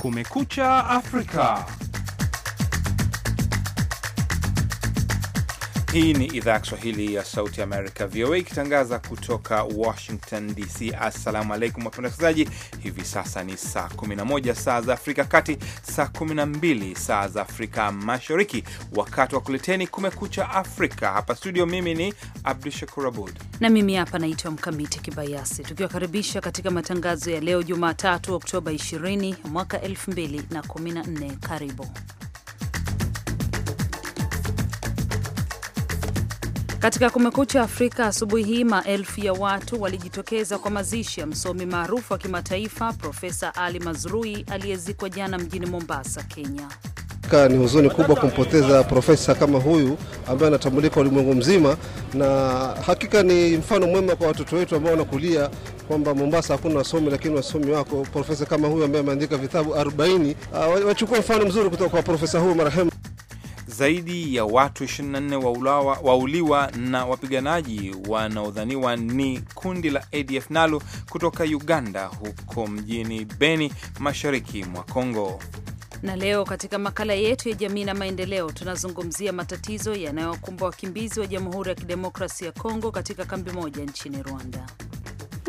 Kumekucha Afrika. Hii ni idhaa ya Kiswahili ya Sauti Amerika, VOA, ikitangaza kutoka Washington DC. Assalamu alaikum wapenda wasikilizaji, hivi sasa ni saa 11 saa za Afrika Kati, saa 12 saa za Afrika Mashariki, wakati wa kuleteni Kumekucha Afrika hapa studio. Mimi ni Abdu Shakur Abud na mimi hapa naitwa Mkamiti Kibayasi, tukiwakaribisha katika matangazo ya leo Jumatatu Oktoba 20 mwaka 2014. Karibu Katika Kumekucha Afrika asubuhi hii, maelfu ya watu walijitokeza kwa mazishi ya msomi maarufu wa kimataifa Profesa Ali Mazrui aliyezikwa jana mjini Mombasa, Kenya. Ni huzuni kubwa kumpoteza profesa kama huyu ambaye anatambulika ulimwengu mzima, na hakika ni mfano mwema kwa watoto wetu ambao wanakulia kwamba Mombasa hakuna wasomi, lakini wasomi wako. Profesa kama huyu ambaye ameandika vitabu 40 ah, wachukua mfano mzuri kutoka kwa profesa huyu marehemu zaidi ya watu 24 wauliwa na wapiganaji wanaodhaniwa ni kundi la ADF nalo kutoka Uganda huko mjini Beni mashariki mwa Kongo. Na leo katika makala yetu ya jamii na maendeleo tunazungumzia matatizo yanayokumbwa wakimbizi wa Jamhuri ya Kidemokrasia ya Kongo katika kambi moja nchini Rwanda.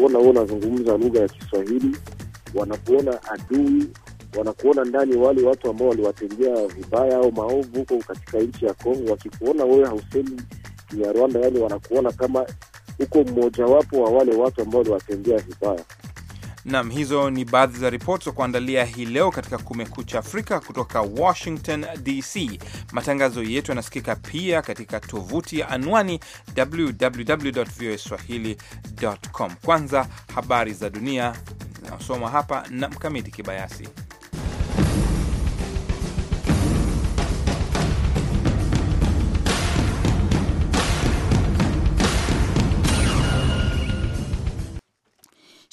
Wanaona wanazungumza lugha ya Kiswahili, wanapoona adui wanakuona ndani wale watu ambao waliwatendea vibaya au maovu huko katika nchi ya Kongo. Wakikuona wewe hausemi ya Rwanda, yani wanakuona kama uko mmojawapo wa wale watu ambao waliwatendea vibaya. Nam, hizo ni baadhi za ripoti za kuandalia hii leo katika Kumekucha Afrika kutoka Washington DC. Matangazo yetu yanasikika pia katika tovuti ya anwani www.voaswahili.com. Kwanza habari za dunia zinasoma hapa na Mkamiti Kibayasi.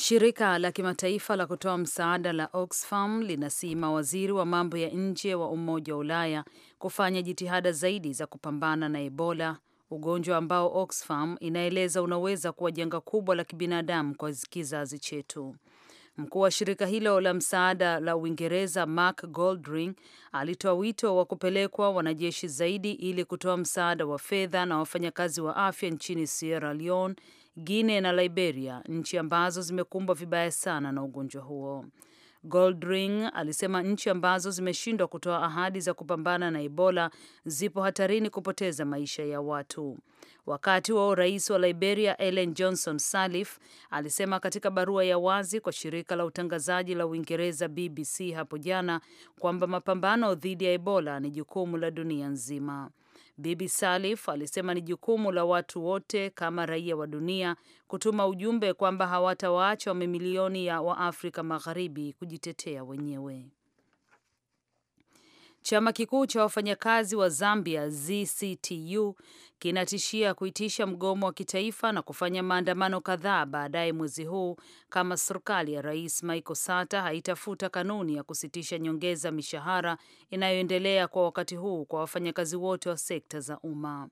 Shirika la kimataifa la kutoa msaada la Oxfam linasihi mawaziri wa mambo ya nje wa Umoja wa Ulaya kufanya jitihada zaidi za kupambana na Ebola, ugonjwa ambao Oxfam inaeleza unaweza kuwa janga kubwa la kibinadamu kwa kizazi chetu. Mkuu wa shirika hilo la msaada la Uingereza Mark Goldring alitoa wito wa kupelekwa wanajeshi zaidi ili kutoa msaada wa fedha na wafanyakazi wa afya nchini Sierra Leone, Guinea na Liberia, nchi ambazo zimekumbwa vibaya sana na ugonjwa huo. Goldring alisema nchi ambazo zimeshindwa kutoa ahadi za kupambana na Ebola zipo hatarini kupoteza maisha ya watu. Wakati wa urais wa Liberia, Ellen Johnson Sirleaf alisema katika barua ya wazi kwa shirika la utangazaji la Uingereza BBC hapo jana kwamba mapambano dhidi ya Ebola ni jukumu la dunia nzima. Bibi Salif alisema ni jukumu la watu wote kama raia wa dunia kutuma ujumbe kwamba hawatawaacha mamilioni ya Waafrika Magharibi kujitetea wenyewe. Chama kikuu cha wafanyakazi wa Zambia ZCTU kinatishia kuitisha mgomo wa kitaifa na kufanya maandamano kadhaa baadaye mwezi huu kama serikali ya Rais Michael Sata haitafuta kanuni ya kusitisha nyongeza mishahara inayoendelea kwa wakati huu kwa wafanyakazi wote wa sekta za umma.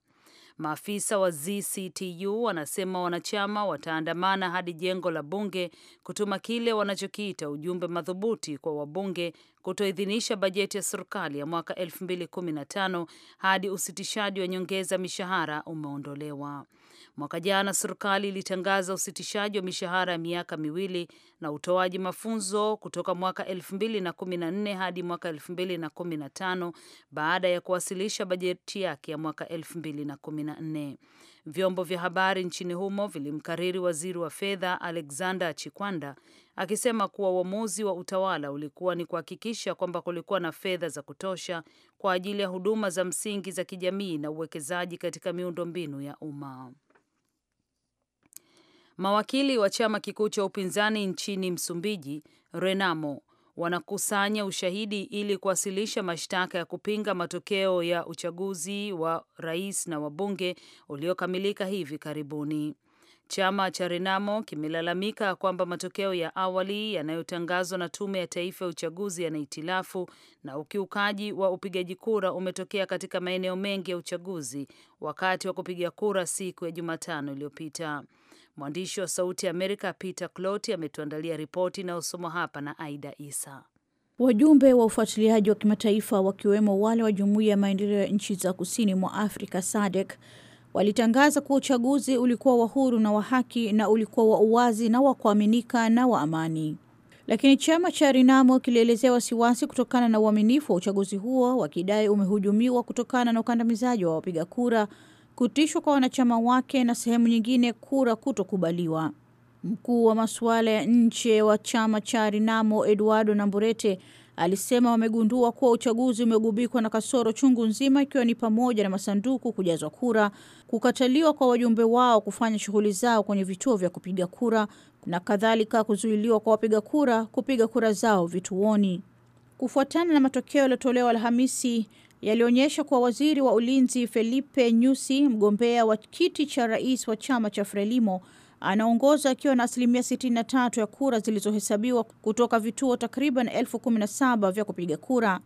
Maafisa wa ZCTU wanasema wanachama wataandamana hadi jengo la bunge kutuma kile wanachokiita ujumbe madhubuti kwa wabunge kutoidhinisha bajeti ya serikali ya mwaka 2015 hadi usitishaji wa nyongeza mishahara umeondolewa. Mwaka jana serikali ilitangaza usitishaji wa mishahara ya miaka miwili na utoaji mafunzo kutoka mwaka 2014 hadi mwaka 2015 baada ya kuwasilisha bajeti yake ya mwaka 2014. Vyombo vya habari nchini humo vilimkariri waziri wa fedha Alexander Chikwanda akisema kuwa uamuzi wa utawala ulikuwa ni kuhakikisha kwamba kulikuwa na fedha za kutosha kwa ajili ya huduma za msingi za kijamii na uwekezaji katika miundombinu ya umma. Mawakili wa chama kikuu cha upinzani nchini Msumbiji, Renamo, wanakusanya ushahidi ili kuwasilisha mashtaka ya kupinga matokeo ya uchaguzi wa rais na wabunge uliokamilika hivi karibuni. Chama cha Renamo kimelalamika kwamba matokeo ya awali yanayotangazwa na Tume ya Taifa ya Uchaguzi yana na ukiukaji wa upigaji kura umetokea katika maeneo mengi ya uchaguzi wakati wa kupiga kura siku ya Jumatano iliyopita. Mwandishi wa Sauti ya Amerika Peter Cloti ametuandalia ripoti inayosomwa hapa na Aida Isa. Wajumbe wa ufuatiliaji wa kimataifa wakiwemo wale wa Jumuiya ya Maendeleo ya Nchi za Kusini mwa Afrika SADC walitangaza kuwa uchaguzi ulikuwa wa huru na wa haki na ulikuwa wa uwazi na wa kuaminika na wa amani, lakini chama cha Renamo kilielezea wasiwasi kutokana na uaminifu wa uchaguzi huo, wakidai umehujumiwa kutokana na ukandamizaji wa wapiga kura kutishwa kwa wanachama wake na sehemu nyingine kura kutokubaliwa. Mkuu wa masuala ya nje wa chama cha Renamo Eduardo Namburete alisema wamegundua kuwa uchaguzi umegubikwa na kasoro chungu nzima, ikiwa ni pamoja na masanduku kujazwa kura, kukataliwa kwa wajumbe wao kufanya shughuli zao kwenye vituo vya kupiga kura na kadhalika, kuzuiliwa kwa wapiga kura kupiga kura zao vituoni. Kufuatana na matokeo yaliyotolewa Alhamisi, yalionyesha kuwa waziri wa ulinzi Felipe Nyusi, mgombea wa kiti cha rais wa chama cha Frelimo, anaongoza akiwa na asilimia 63 ya kura zilizohesabiwa kutoka vituo takriban elfu kumi na saba vya kupiga kura.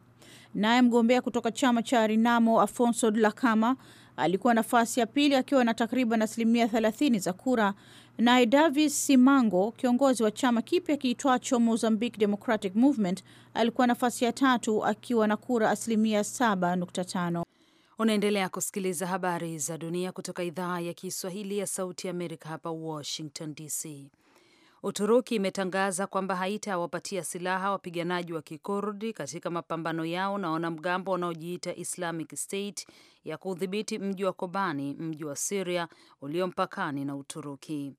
Naye mgombea kutoka chama cha Renamo Afonso Dhlakama alikuwa nafasi ya pili akiwa na takriban asilimia 30 za kura Naye Davis Simango, kiongozi wa chama kipya kiitwacho Mozambique Democratic Movement, alikuwa nafasi ya tatu akiwa na kura asilimia 7.5. Unaendelea kusikiliza habari za dunia kutoka idhaa ya Kiswahili ya Sauti ya Amerika hapa Washington DC. Uturuki imetangaza kwamba haitawapatia silaha wapiganaji wa kikurdi katika mapambano yao na wanamgambo wanaojiita Islamic State ya kuudhibiti mji wa Kobani, mji wa Siria ulio mpakani na Uturuki.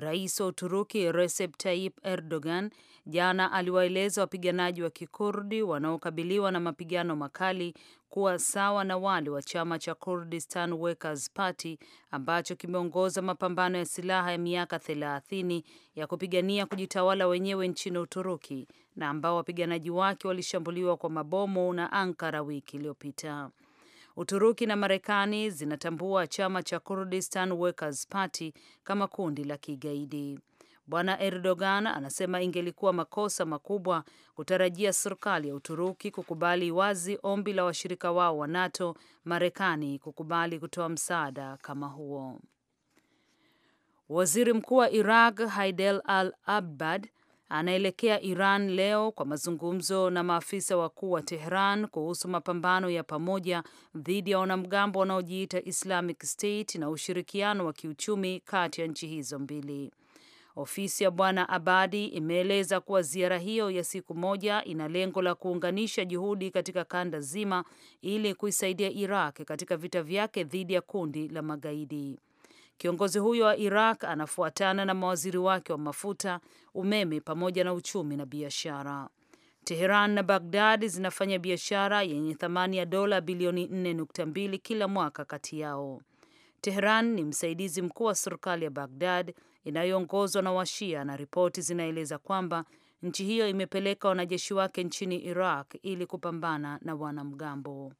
Rais wa Uturuki Recep Tayyip Erdogan jana aliwaeleza wapiganaji wa Kikurdi wanaokabiliwa na mapigano makali kuwa sawa na wale wa chama cha Kurdistan Workers Party ambacho kimeongoza mapambano ya silaha ya miaka 30 ya kupigania kujitawala wenyewe nchini Uturuki na ambao wapiganaji wake walishambuliwa kwa mabomu na Ankara wiki iliyopita. Uturuki na Marekani zinatambua chama cha Kurdistan Workers Party kama kundi la kigaidi. Bwana Erdogan anasema ingelikuwa makosa makubwa kutarajia serikali ya Uturuki kukubali wazi ombi la washirika wao wa NATO, Marekani, kukubali kutoa msaada kama huo. Waziri Mkuu wa Iraq Haidel Al Abad anaelekea Iran leo kwa mazungumzo na maafisa wakuu wa Tehran kuhusu mapambano ya pamoja dhidi ya wanamgambo wanaojiita Islamic State na ushirikiano wa kiuchumi kati ya nchi hizo mbili. Ofisi ya Bwana Abadi imeeleza kuwa ziara hiyo ya siku moja ina lengo la kuunganisha juhudi katika kanda zima ili kuisaidia Iraq katika vita vyake dhidi ya kundi la magaidi. Kiongozi huyo wa Iraq anafuatana na mawaziri wake wa mafuta, umeme, pamoja na uchumi na biashara. Teheran na Bagdad zinafanya biashara yenye thamani ya dola bilioni 4.2 kila mwaka kati yao. Teheran ni msaidizi mkuu wa serikali ya Bagdad inayoongozwa na Washia, na ripoti zinaeleza kwamba nchi hiyo imepeleka wanajeshi wake nchini Iraq ili kupambana na wanamgambo.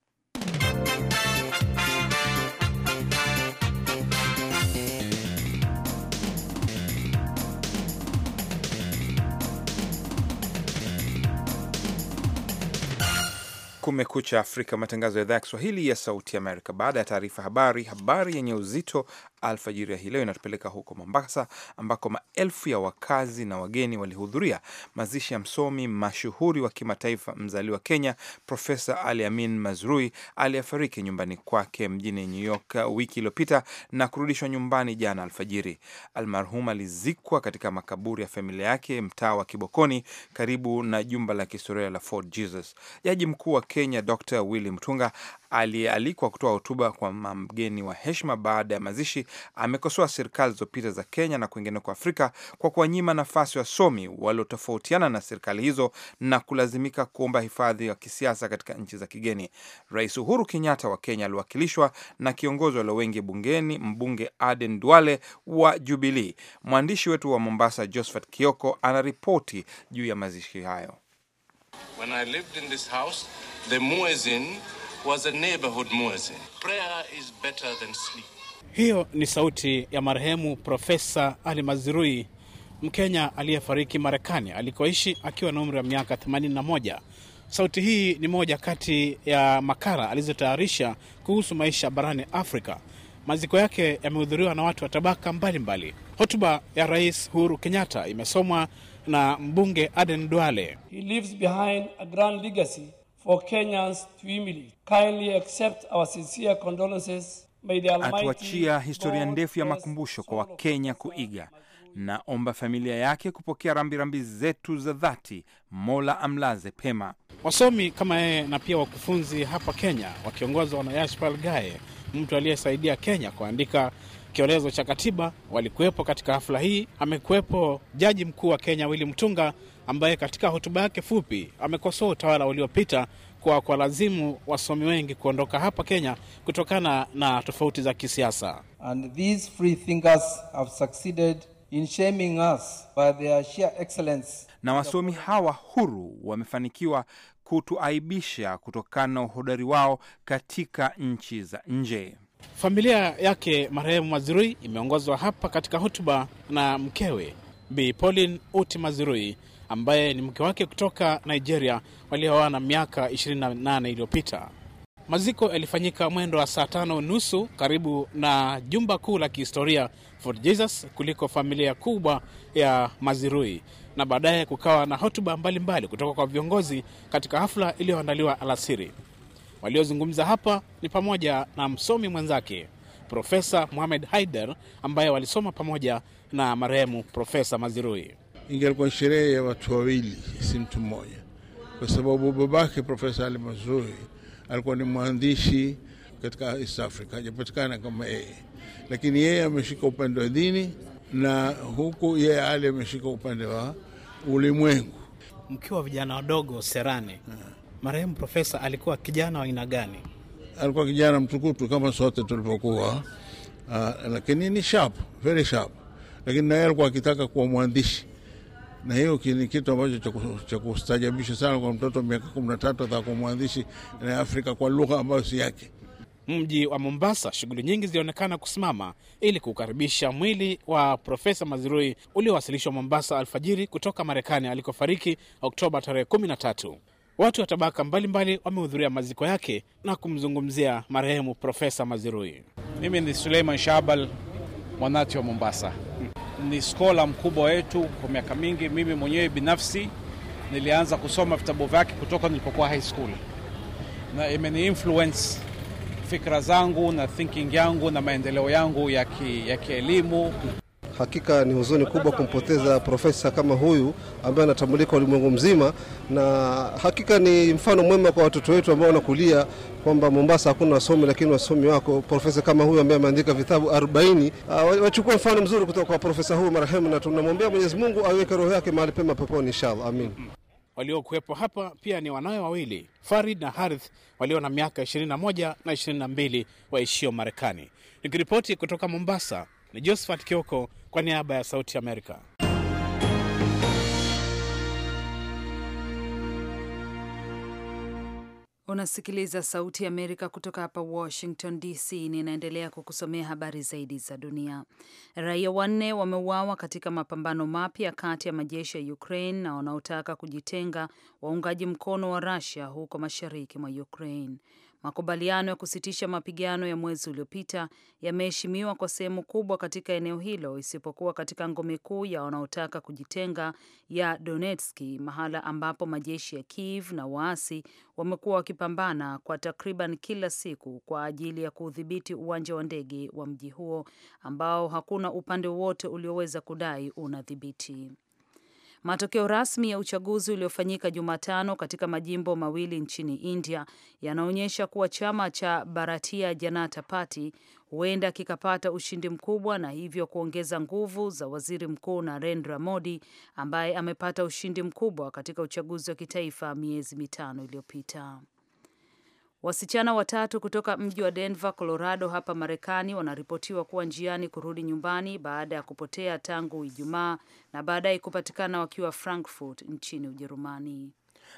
Kumekucha Afrika, matangazo ya idhaa ya Kiswahili ya Sauti Amerika. Baada ya taarifa habari, habari yenye uzito alfajiri ya hii leo inatupeleka huko Mombasa, ambako maelfu ya wakazi na wageni walihudhuria mazishi ya msomi mashuhuri wa kimataifa mzaliwa Kenya, Profesa Ali Amin Mazrui aliyefariki nyumbani kwake mjini New York uh, wiki iliyopita na kurudishwa nyumbani jana alfajiri. Almarhum alizikwa katika makaburi ya familia yake mtaa wa Kibokoni, karibu na jumba la kihistoria la Fort Jesus. Jaji mkuu wa Kenya Dr. Willy Mtunga aliyealikwa kutoa hotuba kwa mgeni wa heshima baada ya mazishi, amekosoa serikali zilizopita za Kenya na kwingine kwa Afrika kwa kuwanyima nafasi wasomi waliotofautiana na serikali hizo na kulazimika kuomba hifadhi ya kisiasa katika nchi za kigeni. Rais Uhuru Kenyatta wa Kenya aliwakilishwa na kiongozi walio wengi bungeni, mbunge Aden Duale wa jubilii Mwandishi wetu wa Mombasa, Josephat Kioko, anaripoti juu ya mazishi hayo. When I lived in this house, The muezin was a neighborhood muezin. Prayer is better than sleep. Hiyo ni sauti ya marehemu Profesa Ali Mazirui, Mkenya aliyefariki Marekani alikoishi akiwa na umri wa miaka 81. Sauti hii ni moja kati ya makala alizotayarisha kuhusu maisha barani Afrika. Maziko yake yamehudhuriwa na watu wa tabaka mbalimbali. Hotuba ya Rais Uhuru Kenyatta imesomwa na mbunge Aden Duale. He leaves behind a grand legacy for Kenyans to Imili. Kindly accept our sincere condolences. May the Almighty atuachia historia ndefu ya makumbusho kwa Wakenya kuiga. Naomba familia yake kupokea rambirambi zetu za dhati. Mola amlaze pema. Wasomi kama yeye na pia wakufunzi hapa Kenya wakiongozwa na Yashpal Gaye, mtu aliyesaidia Kenya kuandika kiolezo cha katiba, walikuwepo katika hafla hii. Amekuwepo jaji mkuu wa Kenya Willy Mutunga ambaye katika hotuba yake fupi amekosoa utawala uliopita kwa kwa lazimu wasomi wengi kuondoka hapa Kenya kutokana na tofauti za kisiasa. And these free thinkers have succeeded in shaming us by their sheer excellence. Na wasomi hawa huru wamefanikiwa kutuaibisha kutokana na uhodari wao katika nchi za nje. Familia yake marehemu Mazirui imeongozwa hapa katika hotuba na mkewe Bi paulin Uti Mazirui ambaye ni mke wake kutoka Nigeria walioana miaka 28 iliyopita. Maziko yalifanyika mwendo wa saa tano nusu karibu na jumba kuu la kihistoria Fort Jesus kuliko familia kubwa ya Mazirui, na baadaye kukawa na hotuba mbalimbali kutoka kwa viongozi katika hafla iliyoandaliwa alasiri. Waliozungumza hapa ni pamoja na msomi mwenzake Profesa Mohamed Haider ambaye walisoma pamoja na marehemu Profesa Mazirui ingelikuwa sherehe ya watu wawili, si mtu mmoja, kwa sababu babake Profesa Ali Mazrui alikuwa ni mwandishi katika East Africa, hajapatikana kama yeye, lakini yeye ameshika upande wa dini na huku yeye Ali ameshika upande wa ulimwengu. Mkiwa vijana wadogo Serane, marehemu Profesa alikuwa kijana wa aina gani? Alikuwa kijana mtukutu kama sote tulipokuwa, lakini ni sharp, very sharp, lakini naye alikuwa akitaka kuwa mwandishi na hiyo ni kitu ambacho cha kustajabisha sana kwa mtoto miaka 13 ataka mwandishi na Afrika kwa lugha ambayo si yake. Mji wa Mombasa, shughuli nyingi zilionekana kusimama ili kuukaribisha mwili wa Profesa Mazirui uliowasilishwa Mombasa alfajiri kutoka Marekani alikofariki Oktoba tarehe tatu Watu wa tabaka mbalimbali wamehudhuria maziko yake na kumzungumzia marehemu Profesa Mazirui. Mimi ni Suleiman Shabal, mwanati wa Mombasa ni skola mkubwa wetu kwa miaka mingi. Mimi mwenyewe binafsi nilianza kusoma vitabu vyake kutoka nilipokuwa high school, na imeni influence fikra zangu na thinking yangu na maendeleo yangu ya kielimu. Hakika ni huzuni kubwa kumpoteza profesa kama huyu ambaye anatambulika ulimwengu mzima, na hakika ni mfano mwema kwa watoto wetu ambao wanakulia kwamba Mombasa hakuna wasomi, lakini wasomi wako. Profesa kama huyu ambaye ameandika vitabu 40 ah, wachukua mfano mzuri kutoka kwa profesa huyu marehemu, na tunamwombea Mwenyezi Mungu aweke roho yake mahali pema peponi, inshallah, amin. Waliokuwepo hapa pia ni wanawe wawili Farid na Harith walio na miaka 21 na 22 waishio Marekani. Nikiripoti kutoka Mombasa. Ni Josephat Kioko kwa niaba ya Sauti Amerika. Unasikiliza Sauti Amerika kutoka hapa Washington DC. Ninaendelea kukusomea habari zaidi za dunia. Raia wanne wameuawa katika mapambano mapya kati ya majeshi ya Ukraine na wanaotaka kujitenga waungaji mkono wa Rusia huko mashariki mwa Ukraine. Makubaliano ya kusitisha mapigano ya mwezi uliopita yameheshimiwa kwa sehemu kubwa katika eneo hilo isipokuwa katika ngome kuu ya wanaotaka kujitenga ya donetski mahala ambapo majeshi ya Kiev na waasi wamekuwa wakipambana kwa takriban kila siku kwa ajili ya kuudhibiti uwanja wa ndege wa mji huo ambao hakuna upande wowote ulioweza kudai unadhibiti. Matokeo rasmi ya uchaguzi uliofanyika Jumatano katika majimbo mawili nchini India yanaonyesha kuwa chama cha Bharatiya Janata Party huenda kikapata ushindi mkubwa na hivyo kuongeza nguvu za waziri mkuu Narendra Modi ambaye amepata ushindi mkubwa katika uchaguzi wa kitaifa miezi mitano iliyopita. Wasichana watatu kutoka mji wa Denver, Colorado, hapa Marekani wanaripotiwa kuwa njiani kurudi nyumbani baada ya kupotea tangu Ijumaa na baadaye kupatikana wakiwa Frankfurt nchini Ujerumani.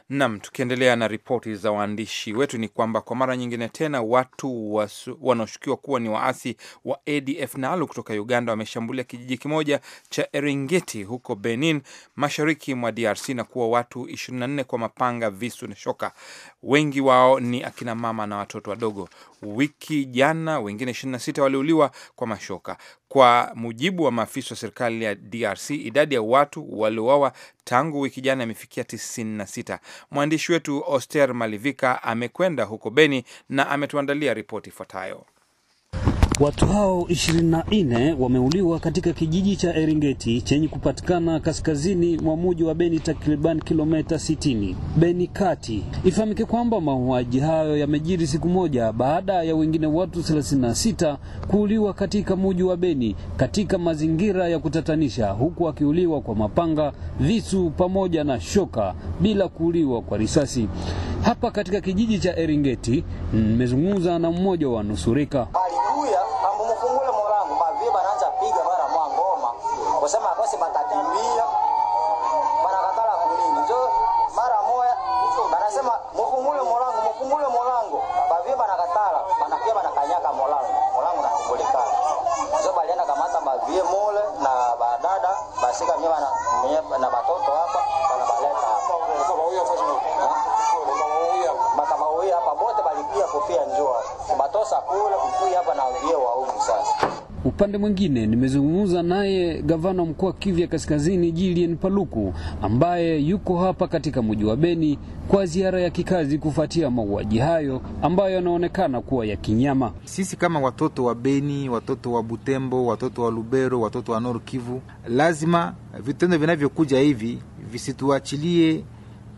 Nam, tukiendelea na ripoti za waandishi wetu ni kwamba kwa mara nyingine tena watu wanaoshukiwa kuwa ni waasi wa ADF NALU kutoka Uganda wameshambulia kijiji kimoja cha Eringeti huko Benin, mashariki mwa DRC na kuwa watu 24 kwa mapanga, visu na shoka wengi wao ni akina mama na watoto wadogo. Wiki jana wengine 26 waliuliwa kwa mashoka. Kwa mujibu wa maafisa wa serikali ya DRC, idadi ya watu waliouawa tangu wiki jana imefikia 96. Mwandishi wetu Oster Malivika amekwenda huko Beni na ametuandalia ripoti ifuatayo. Watu hao 24 wameuliwa katika kijiji cha Eringeti chenye kupatikana kaskazini mwa mji wa Beni takriban kilomita 60 Beni kati. Ifahamike kwamba mauaji hayo yamejiri siku moja baada ya wengine watu 36 kuuliwa katika mji wa Beni katika mazingira ya kutatanisha, huku akiuliwa kwa mapanga, visu pamoja na shoka bila kuuliwa kwa risasi. Hapa katika kijiji cha Eringeti nimezungumza na mmoja wa nusurika. Haleluya. สมัครก่าสิมา Upande mwingine nimezungumza naye gavana mkuu wa Kivu ya Kaskazini jilian Paluku ambaye yuko hapa katika mji wa Beni kwa ziara ya kikazi kufuatia mauaji hayo ambayo yanaonekana kuwa ya kinyama. Sisi kama watoto wa Beni, watoto wa Butembo, watoto wa Lubero, watoto wa nor Kivu, lazima vitendo vinavyokuja hivi visituachilie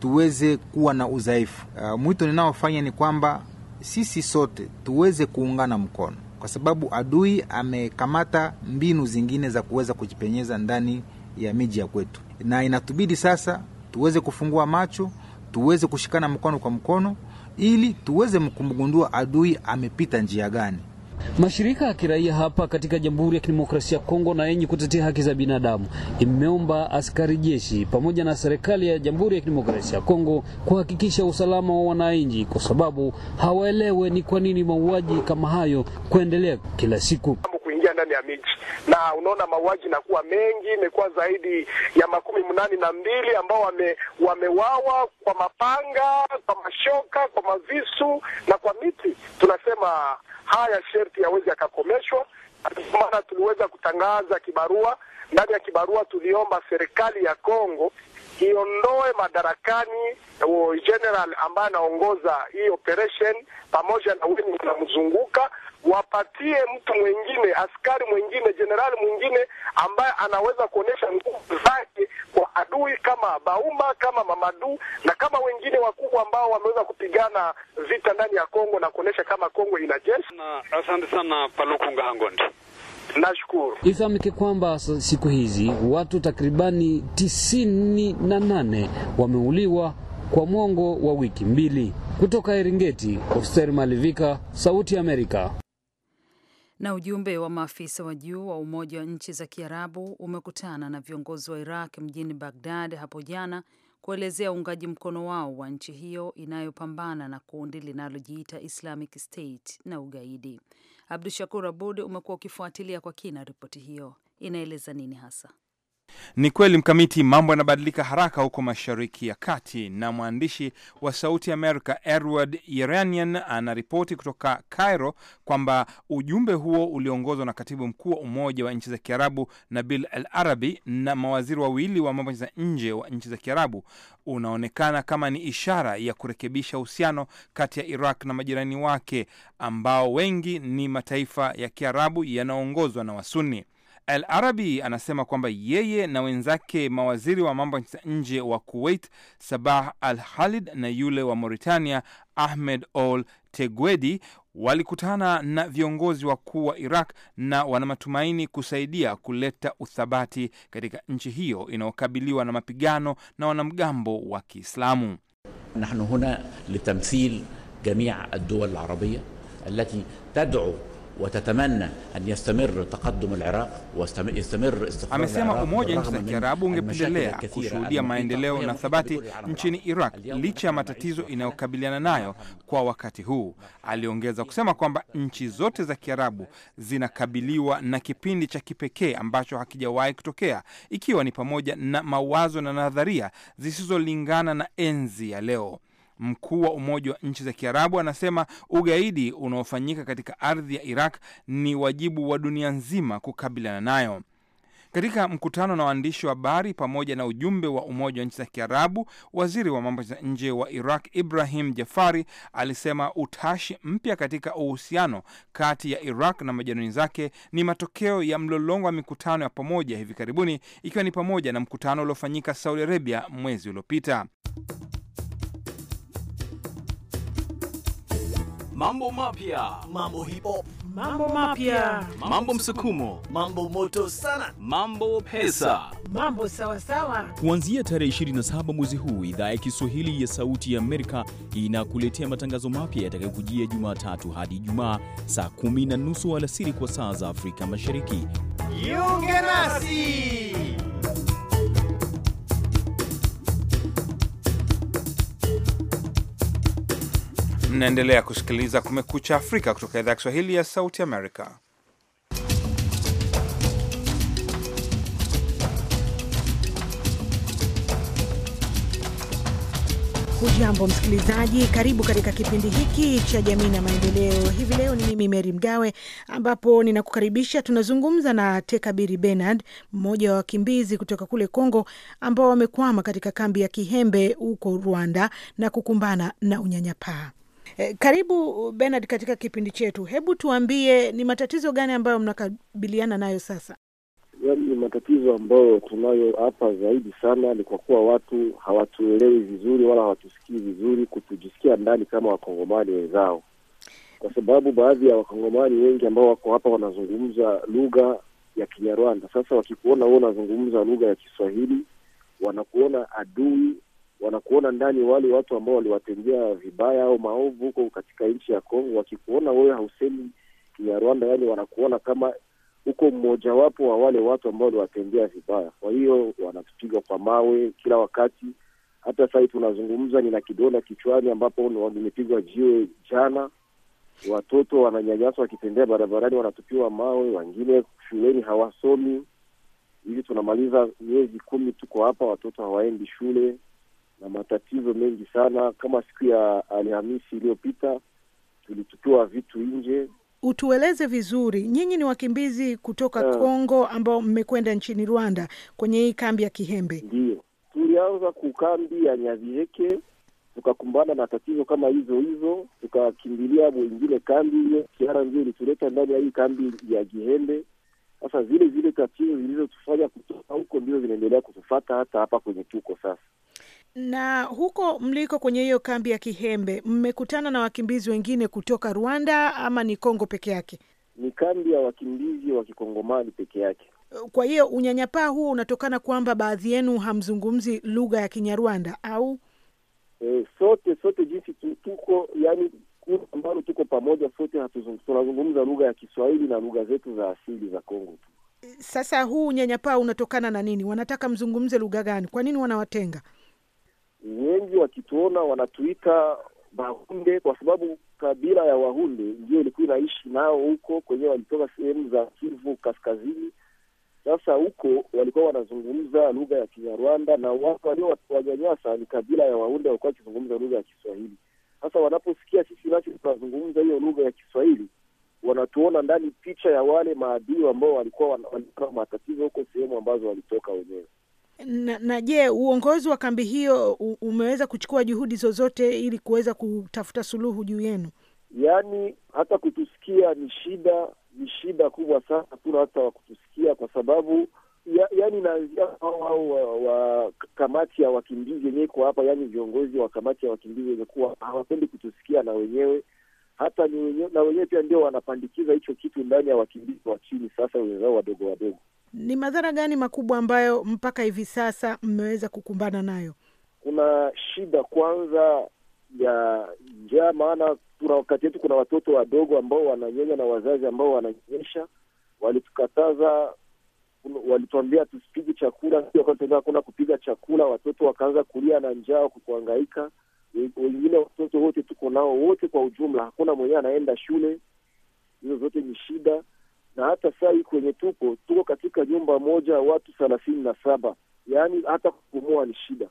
tuweze kuwa na udhaifu. Uh, mwito ninaofanya ni kwamba sisi sote tuweze kuungana mkono kwa sababu adui amekamata mbinu zingine za kuweza kujipenyeza ndani ya miji ya kwetu, na inatubidi sasa tuweze kufungua macho, tuweze kushikana mkono kwa mkono, ili tuweze kumgundua adui amepita njia gani. Mashirika ya kiraia hapa katika Jamhuri ya Kidemokrasia ya Kongo na yenye kutetea haki za binadamu imeomba askari jeshi pamoja na serikali ya Jamhuri ya Kidemokrasia ya Kongo kuhakikisha usalama wa wananchi, kwa sababu hawaelewe ni kwa nini mauaji kama hayo kuendelea kila siku ndani ya miji na unaona mauaji inakuwa mengi, imekuwa zaidi ya makumi mnani na mbili ambao wame, wamewawa kwa mapanga, kwa mashoka, kwa mavisu na kwa miti. Tunasema haya sherti yaweze yakakomeshwa. Ndio maana tuliweza kutangaza kibarua. Ndani ya kibarua tuliomba serikali ya Kongo iondoe madarakani general ambaye anaongoza hii operation pamoja na wenye wanamzunguka wapatie mtu mwingine, askari mwingine, jenerali mwingine ambaye anaweza kuonesha nguvu zake kwa adui kama Bauma, kama Mamadu na kama wengine wakubwa ambao wameweza kupigana vita ndani ya Kongo na kuonesha kama Kongo ina jeshi. Asante sana Paluku Ngahangondi. Nashukuru. Ifahamike kwamba siku hizi watu takribani tisini na nane wameuliwa kwa mwongo wa wiki mbili. Kutoka Eringeti, Oster Malivika, Sauti Amerika. Na ujumbe wa maafisa wa juu wa Umoja wa Nchi za Kiarabu umekutana na viongozi wa Iraq mjini Bagdad hapo jana kuelezea uungaji mkono wao wa nchi hiyo inayopambana na kundi linalojiita Islamic State na ugaidi. Abdu Shakur Abud umekuwa ukifuatilia kwa kina ripoti hiyo, inaeleza nini hasa? Ni kweli mkamiti, mambo yanabadilika haraka huko Mashariki ya Kati, na mwandishi wa Sauti Amerika Edward Yeranian anaripoti kutoka Cairo kwamba ujumbe huo ulioongozwa na katibu mkuu wa Umoja wa Nchi za Kiarabu Nabil Al Arabi na mawaziri wawili wa mambo za nje wa nchi za Kiarabu unaonekana kama ni ishara ya kurekebisha uhusiano kati ya Iraq na majirani wake ambao wengi ni mataifa ya Kiarabu yanaoongozwa na Wasuni. Al Arabi anasema kwamba yeye na wenzake mawaziri wa mambo ya nje wa Kuwait Sabah Al Khalid na yule wa Mauritania Ahmed Ol Tegwedi walikutana na viongozi wakuu wa Iraq na wana matumaini kusaidia kuleta uthabati katika nchi hiyo inayokabiliwa na mapigano na wanamgambo wa Kiislamu. nahnu huna litamthil jamia ad-duwal al-arabiyya allati tad'u Watatamana an yastamir taqaddum al-Iraq wayastamir istiqrar. Amesema umoja nchi za Kiarabu ungependelea kushuhudia maendeleo na thabati nchini Iraq licha ya matatizo inayokabiliana nayo kwa wakati huu. Aliongeza kusema kwamba nchi zote za Kiarabu zinakabiliwa na kipindi cha kipekee ambacho hakijawahi kutokea, ikiwa ni pamoja na mawazo na nadharia zisizolingana na enzi ya leo. Mkuu wa Umoja wa Nchi za Kiarabu anasema ugaidi unaofanyika katika ardhi ya Iraq ni wajibu wa dunia nzima kukabiliana nayo. Katika mkutano na waandishi wa habari pamoja na ujumbe wa Umoja wa Nchi za Kiarabu, waziri wa mambo ya nje wa Iraq Ibrahim Jafari alisema utashi mpya katika uhusiano kati ya Iraq na majirani zake ni matokeo ya mlolongo wa mikutano ya pamoja hivi karibuni, ikiwa ni pamoja na mkutano uliofanyika Saudi Arabia mwezi uliopita. mambo mapya, mambo hip hop, mambo mapya, mambo msukumo, mambo moto sana, mambo pesa, mambo sawa sawa. Kuanzia tarehe 27 mwezi huu, idhaa ya Kiswahili ya Sauti ya Amerika inakuletea matangazo mapya yatakayokujia Jumatatu hadi Jumaa saa kumi na nusu alasiri kwa saa za Afrika Mashariki. Jiunge nasi. Mnaendelea kusikiliza Kumekucha Afrika kutoka idhaa ya Kiswahili ya Sauti Amerika. Hujambo msikilizaji, karibu katika kipindi hiki cha jamii na maendeleo. Hivi leo ni mimi Meri Mgawe, ambapo ninakukaribisha. Tunazungumza na Tekabiri Benard, mmoja wa wakimbizi kutoka kule congo ambao wamekwama katika kambi ya Kihembe huko Rwanda na kukumbana na unyanyapaa. E, karibu Bernard katika kipindi chetu. Hebu tuambie ni matatizo gani ambayo mnakabiliana nayo sasa? Yaani ni matatizo ambayo tunayo hapa zaidi sana ni kwa kuwa watu hawatuelewi vizuri wala hawatusikii vizuri, kutujisikia ndani kama wakongomani wenzao, kwa sababu baadhi ya wakongomani wengi ambao wako hapa wanazungumza lugha ya Kinyarwanda. Sasa wakikuona wewe unazungumza lugha ya Kiswahili, wanakuona adui wanakuona ndani wale watu ambao waliwatendea vibaya au maovu huko katika nchi ya Kongo. Wakikuona wewe hausemi Kinyarwanda, yani wanakuona kama huko mmojawapo wa wale watu ambao waliwatendea vibaya. Kwa hiyo wanatupiga kwa mawe kila wakati. Hata sahii tunazungumza, nina kidonda kichwani ambapo nimepigwa jiwe jana. Watoto wananyanyaswa wakitembea barabarani, wanatupiwa mawe, wengine shuleni hawasomi. Hivi tunamaliza miezi kumi tuko hapa, watoto hawaendi shule na matatizo mengi sana. Kama siku ya Alhamisi iliyopita tulitutoa vitu nje. Utueleze vizuri, nyinyi ni wakimbizi kutoka uh, Kongo ambao mmekwenda nchini Rwanda kwenye hii kambi ya Kihembe? Ndiyo, tulianza kukambi ya nyaviheke tukakumbana na tatizo kama hizo hizo, tukakimbilia mwingine kambi. Hiyo kiara ndio ilituleta ndani ya hii kambi ya kihembe Sasa zile zile tatizo zilizotufanya kutoka huko ndio zinaendelea kutufata hata hapa kwenye tuko sasa. Na huko mliko kwenye hiyo kambi ya Kihembe, mmekutana na wakimbizi wengine kutoka Rwanda ama ni Kongo peke yake? Ni kambi ya wakimbizi wa kikongomani peke yake. Kwa hiyo unyanyapaa huo unatokana kwamba baadhi yenu hamzungumzi lugha ya Kinyarwanda au? E, sote sote jinsi tuko yani kundi ambalo tuko pamoja sote tunazungumza lugha ya Kiswahili na lugha zetu za asili za Kongo tu. Sasa huu unyanyapaa unatokana na nini? Wanataka mzungumze lugha gani? Kwa nini wanawatenga? wengi wakituona wanatuita Bahunde kwa sababu kabila ya Wahunde ndio ilikuwa inaishi nao huko, kwenyewe walitoka sehemu za Kivu Kaskazini. Sasa huko walikuwa wanazungumza lugha ya Kinyarwanda na watu waliowanyanyasa ni kabila ya Wahunde, walikuwa wakizungumza lugha ya Kiswahili. Sasa wanaposikia sisi nasi tunazungumza hiyo lugha ya Kiswahili, wanatuona ndani picha ya wale maadui ambao walikuwa wana matatizo huko sehemu ambazo walitoka wenyewe. Na, na je, uongozi wa kambi hiyo umeweza kuchukua juhudi zozote ili kuweza kutafuta suluhu juu yenu? Yaani hata kutusikia ni shida, ni shida kubwa sana, hatuna hata wa kutusikia kwa sababu ya, yani naanzia au wa kamati ya wakimbizi wenyewe kwa hapa, yani viongozi wa kamati ya wakimbizi wenye kuwa hawapendi kutusikia na wenyewe hata ni wenyewe, na wenyewe pia ndio wanapandikiza hicho kitu ndani ya wakimbizi wa chini, sasa wenzao wadogo wadogo ni madhara gani makubwa ambayo mpaka hivi sasa mmeweza kukumbana nayo? Kuna shida kwanza ya njaa, maana tuna wakati wetu kuna watoto wadogo ambao wananyonya na wazazi ambao wananyonyesha, walitukataza walituambia tusipige chakula, kuna kupiga chakula. Watoto wakaanza kulia na njaa kukuangaika. wengine watoto wote tuko nao wote kwa ujumla, hakuna mwenyewe anaenda shule. Hizo zote ni shida na hata sai kwenye tupo tuko katika nyumba moja watu thelathini na saba, yaani hata kupumua ni shida.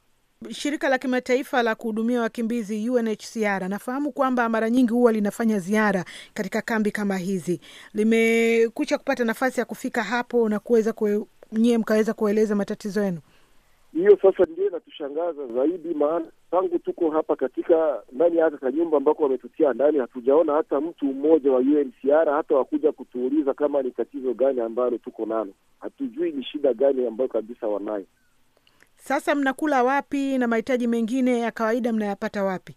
Shirika la kimataifa la kuhudumia wakimbizi UNHCR nafahamu kwamba mara nyingi huwa linafanya ziara katika kambi kama hizi, limekucha kupata nafasi ya kufika hapo na kuweza kwe, nyie mkaweza kueleza matatizo yenu? Hiyo sasa ndio inatushangaza zaidi, maana tangu tuko hapa katika ndani ya hata nyumba ambako wametutia ndani, hatujaona hata mtu mmoja wa UNHCR hata wakuja kutuuliza kama ni tatizo gani ambalo tuko nalo. Hatujui ni shida gani ambayo kabisa wanayo. Sasa mnakula wapi na mahitaji mengine ya kawaida mnayapata wapi?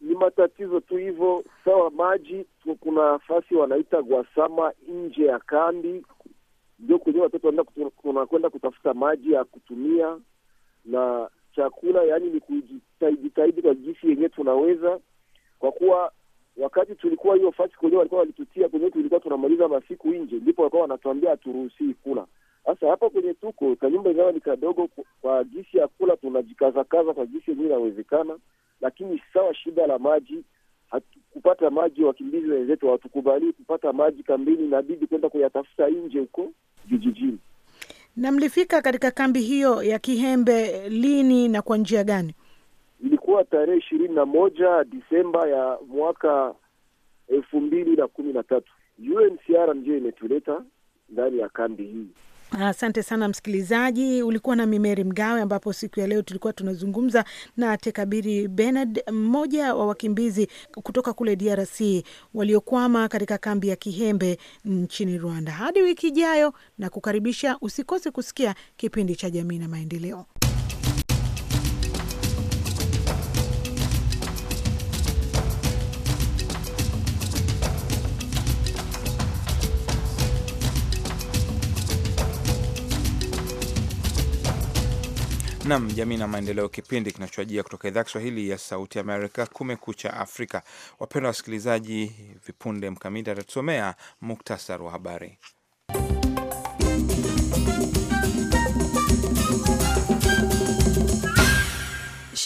Ni matatizo tu hivyo, sawa. Maji tu, kuna nafasi wanaita gwasama nje ya kambi, ndio kwenyewe watoto wanaenda kutafuta maji ya kutumia na chakula, yaani ni kujitahidi kwa jinsi yenyewe tunaweza, kwa kuwa wakati tulikuwa hiyo fasi kwenyewe walikuwa walitutia kwenyewe, tulikuwa tunamaliza masiku nje, ndipo walikuwa wanatuambia haturuhusii kula. Sasa hapa kwenye tuko kanyumba ingawa ni kadogo kwa jisi ya kula, tunajikazakaza kwa jisi yenyewe inawezekana, lakini sawa, shida la maji kupata maji, wakimbizi wenzetu hawatukubalii kupata maji kambini, inabidi kwenda kuyatafuta nje huko vijijini. Na mlifika katika kambi hiyo ya Kihembe lini na kwa njia gani? Ilikuwa tarehe ishirini na moja Disemba ya mwaka elfu mbili na kumi na tatu. UNHCR ndiyo imetuleta ndani ya kambi hii. Asante sana msikilizaji, ulikuwa na Mimeri Mgawe, ambapo siku ya leo tulikuwa tunazungumza na Tekabiri Benard, mmoja wa wakimbizi kutoka kule DRC waliokwama katika kambi ya Kihembe nchini Rwanda. Hadi wiki ijayo, na kukaribisha usikose kusikia kipindi cha Jamii na Maendeleo. Nam jamii na maendeleo, kipindi kinachoajia kutoka idhaa Kiswahili ya Sauti Amerika, Kumekucha Afrika. Wapendwa wasikilizaji, vipunde Mkamiti atatusomea muktasar wa habari.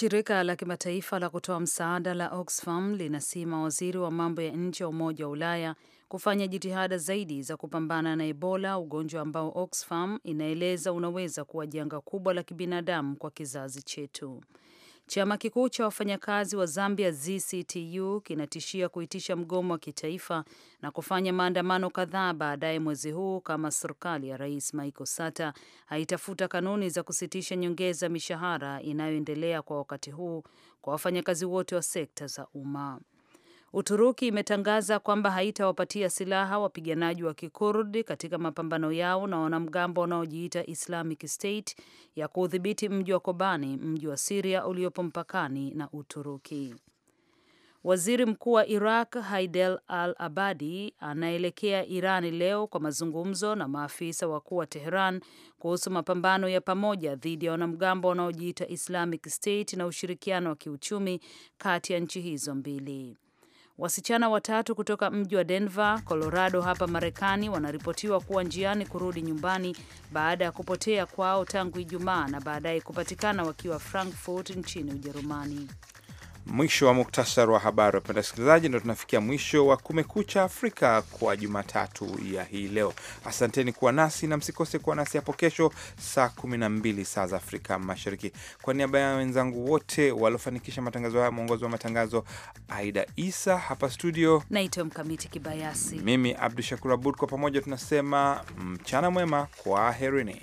Shirika la kimataifa la kutoa msaada la Oxfam linasema waziri wa mambo ya nje wa Umoja wa Ulaya kufanya jitihada zaidi za kupambana na Ebola, ugonjwa ambao Oxfam inaeleza unaweza kuwa janga kubwa la kibinadamu kwa kizazi chetu. Chama kikuu cha wafanyakazi wa Zambia ZCTU kinatishia kuitisha mgomo wa kitaifa na kufanya maandamano kadhaa baadaye mwezi huu kama serikali ya Rais Michael Sata haitafuta kanuni za kusitisha nyongeza mishahara inayoendelea kwa wakati huu kwa wafanyakazi wote wa sekta za umma. Uturuki imetangaza kwamba haitawapatia silaha wapiganaji wa Kikurdi katika mapambano yao na wanamgambo wanaojiita Islamic State ya kuudhibiti mji wa Kobani, mji wa Siria uliopo mpakani na Uturuki. Waziri Mkuu wa Iraq Haidel al-Abadi anaelekea Irani leo kwa mazungumzo na maafisa wakuu wa Tehran kuhusu mapambano ya pamoja dhidi ya wanamgambo wanaojiita Islamic State na ushirikiano wa kiuchumi kati ya nchi hizo mbili. Wasichana watatu kutoka mji wa Denver, Colorado hapa Marekani wanaripotiwa kuwa njiani kurudi nyumbani baada ya kupotea kwao tangu Ijumaa na baadaye kupatikana wakiwa Frankfurt nchini Ujerumani. Mwisho wa muktasari wa habari. Wapenda sikilizaji, ndo tunafikia mwisho wa Kumekucha Afrika kwa Jumatatu ya hii leo. Asanteni kuwa nasi na msikose kuwa nasi hapo kesho saa 12 saa za Afrika Mashariki. Kwa niaba ya wenzangu wote waliofanikisha matangazo haya, mwongozi wa matangazo Aida Isa hapa studio, naitwa Mkamiti Kibayasi, mimi Abdu Shakur Abud, kwa pamoja tunasema mchana mwema, kwa herini.